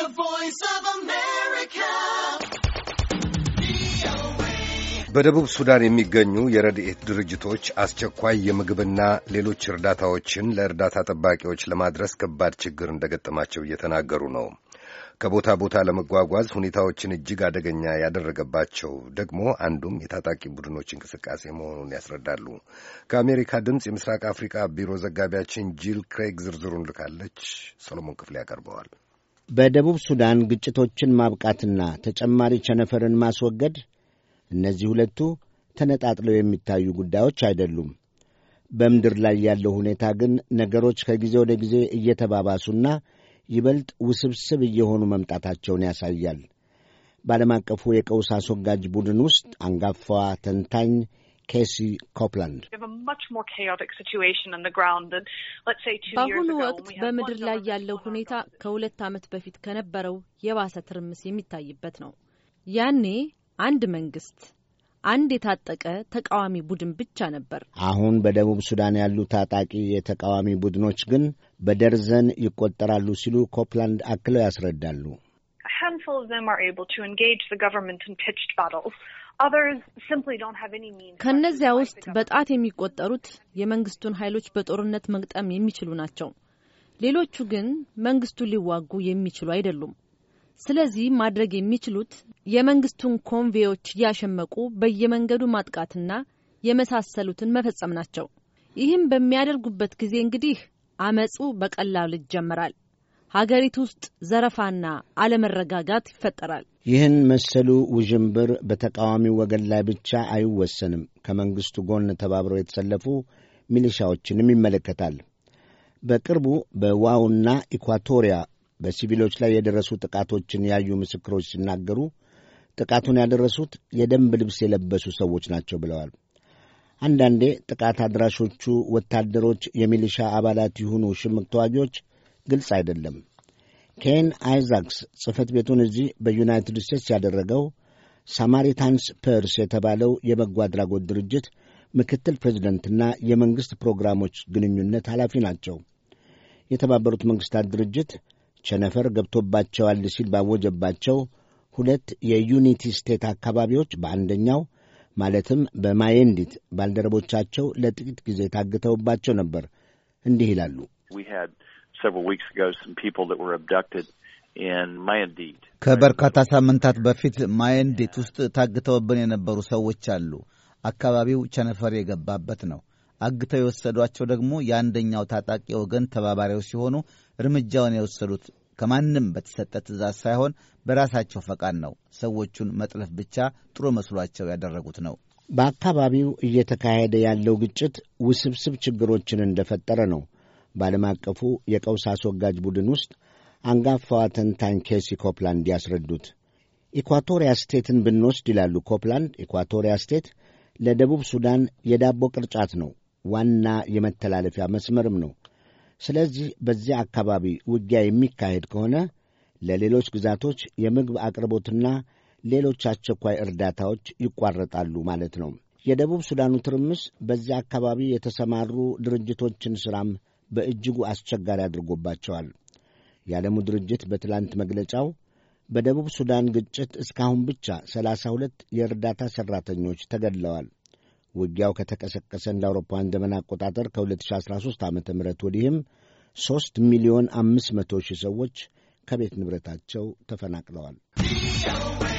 The Voice of America. በደቡብ ሱዳን የሚገኙ የረድኤት ድርጅቶች አስቸኳይ የምግብና ሌሎች እርዳታዎችን ለእርዳታ ጠባቂዎች ለማድረስ ከባድ ችግር እንደገጠማቸው እየተናገሩ ነው። ከቦታ ቦታ ለመጓጓዝ ሁኔታዎችን እጅግ አደገኛ ያደረገባቸው ደግሞ አንዱም የታጣቂ ቡድኖች እንቅስቃሴ መሆኑን ያስረዳሉ። ከአሜሪካ ድምፅ የምስራቅ አፍሪካ ቢሮ ዘጋቢያችን ጂል ክሬግ ዝርዝሩን ልካለች። ሰሎሞን ክፍሌ ያቀርበዋል። በደቡብ ሱዳን ግጭቶችን ማብቃትና ተጨማሪ ቸነፈርን ማስወገድ እነዚህ ሁለቱ ተነጣጥለው የሚታዩ ጉዳዮች አይደሉም። በምድር ላይ ያለው ሁኔታ ግን ነገሮች ከጊዜ ወደ ጊዜ እየተባባሱና ይበልጥ ውስብስብ እየሆኑ መምጣታቸውን ያሳያል። በዓለም አቀፉ የቀውስ አስወጋጅ ቡድን ውስጥ አንጋፋዋ ተንታኝ ኬሲ ኮፕላንድ በአሁኑ ወቅት በምድር ላይ ያለው ሁኔታ ከሁለት ዓመት በፊት ከነበረው የባሰ ትርምስ የሚታይበት ነው። ያኔ አንድ መንግስት፣ አንድ የታጠቀ ተቃዋሚ ቡድን ብቻ ነበር። አሁን በደቡብ ሱዳን ያሉ ታጣቂ የተቃዋሚ ቡድኖች ግን በደርዘን ይቆጠራሉ ሲሉ ኮፕላንድ አክለው ያስረዳሉ። ከእነዚያ ውስጥ በጣት የሚቆጠሩት የመንግስቱን ኃይሎች በጦርነት መግጠም የሚችሉ ናቸው። ሌሎቹ ግን መንግስቱን ሊዋጉ የሚችሉ አይደሉም። ስለዚህ ማድረግ የሚችሉት የመንግስቱን ኮንቬዮች እያሸመቁ በየመንገዱ ማጥቃትና የመሳሰሉትን መፈጸም ናቸው። ይህም በሚያደርጉበት ጊዜ እንግዲህ አመጹ በቀላሉ ይጀመራል። ሀገሪቱ ውስጥ ዘረፋና አለመረጋጋት ይፈጠራል። ይህን መሰሉ ውዥንብር በተቃዋሚው ወገን ላይ ብቻ አይወሰንም። ከመንግሥቱ ጎን ተባብረው የተሰለፉ ሚሊሻዎችንም ይመለከታል። በቅርቡ በዋውና ኢኳቶሪያ በሲቪሎች ላይ የደረሱ ጥቃቶችን ያዩ ምስክሮች ሲናገሩ ጥቃቱን ያደረሱት የደንብ ልብስ የለበሱ ሰዎች ናቸው ብለዋል። አንዳንዴ ጥቃት አድራሾቹ ወታደሮች፣ የሚሊሻ አባላት ይሁኑ ሽምቅ ተዋጊዎች ግልጽ አይደለም። ኬን አይዛክስ ጽሕፈት ቤቱን እዚህ በዩናይትድ ስቴትስ ያደረገው ሳማሪታንስ ፐርስ የተባለው የበጎ አድራጎት ድርጅት ምክትል ፕሬዚደንትና የመንግሥት ፕሮግራሞች ግንኙነት ኃላፊ ናቸው። የተባበሩት መንግሥታት ድርጅት ቸነፈር ገብቶባቸዋል ሲል ባወጀባቸው ሁለት የዩኒቲ ስቴት አካባቢዎች በአንደኛው ማለትም በማየንዲት ባልደረቦቻቸው ለጥቂት ጊዜ ታግተውባቸው ነበር። እንዲህ ይላሉ። several weeks ago some people that were abducted in Mayandit. ከበርካታ ሳምንታት በፊት ማየንዲት ውስጥ ታግተውብን የነበሩ ሰዎች አሉ። አካባቢው ቸነፈር የገባበት ነው። አግተው የወሰዷቸው ደግሞ የአንደኛው ታጣቂ ወገን ተባባሪው ሲሆኑ እርምጃውን የወሰዱት ከማንም በተሰጠ ትእዛዝ ሳይሆን በራሳቸው ፈቃድ ነው። ሰዎቹን መጥለፍ ብቻ ጥሩ መስሏቸው ያደረጉት ነው። በአካባቢው እየተካሄደ ያለው ግጭት ውስብስብ ችግሮችን እንደፈጠረ ነው በዓለም አቀፉ የቀውስ አስወጋጅ ቡድን ውስጥ አንጋፋዋ ተንታኝ ኬሲ ኮፕላንድ ያስረዱት። ኢኳቶሪያ ስቴትን ብንወስድ ይላሉ ኮፕላንድ፣ ኢኳቶሪያ ስቴት ለደቡብ ሱዳን የዳቦ ቅርጫት ነው፣ ዋና የመተላለፊያ መስመርም ነው። ስለዚህ በዚያ አካባቢ ውጊያ የሚካሄድ ከሆነ ለሌሎች ግዛቶች የምግብ አቅርቦትና ሌሎች አስቸኳይ እርዳታዎች ይቋረጣሉ ማለት ነው። የደቡብ ሱዳኑ ትርምስ በዚያ አካባቢ የተሰማሩ ድርጅቶችን ሥራም በእጅጉ አስቸጋሪ አድርጎባቸዋል። የዓለሙ ድርጅት በትላንት መግለጫው በደቡብ ሱዳን ግጭት እስካሁን ብቻ ሰላሳ ሁለት የእርዳታ ሠራተኞች ተገድለዋል። ውጊያው ከተቀሰቀሰ እንደ አውሮፓውያን ዘመን አቆጣጠር ከ2013 ዓ ም ወዲህም 3 ሚሊዮን 500 ሺህ ሰዎች ከቤት ንብረታቸው ተፈናቅለዋል።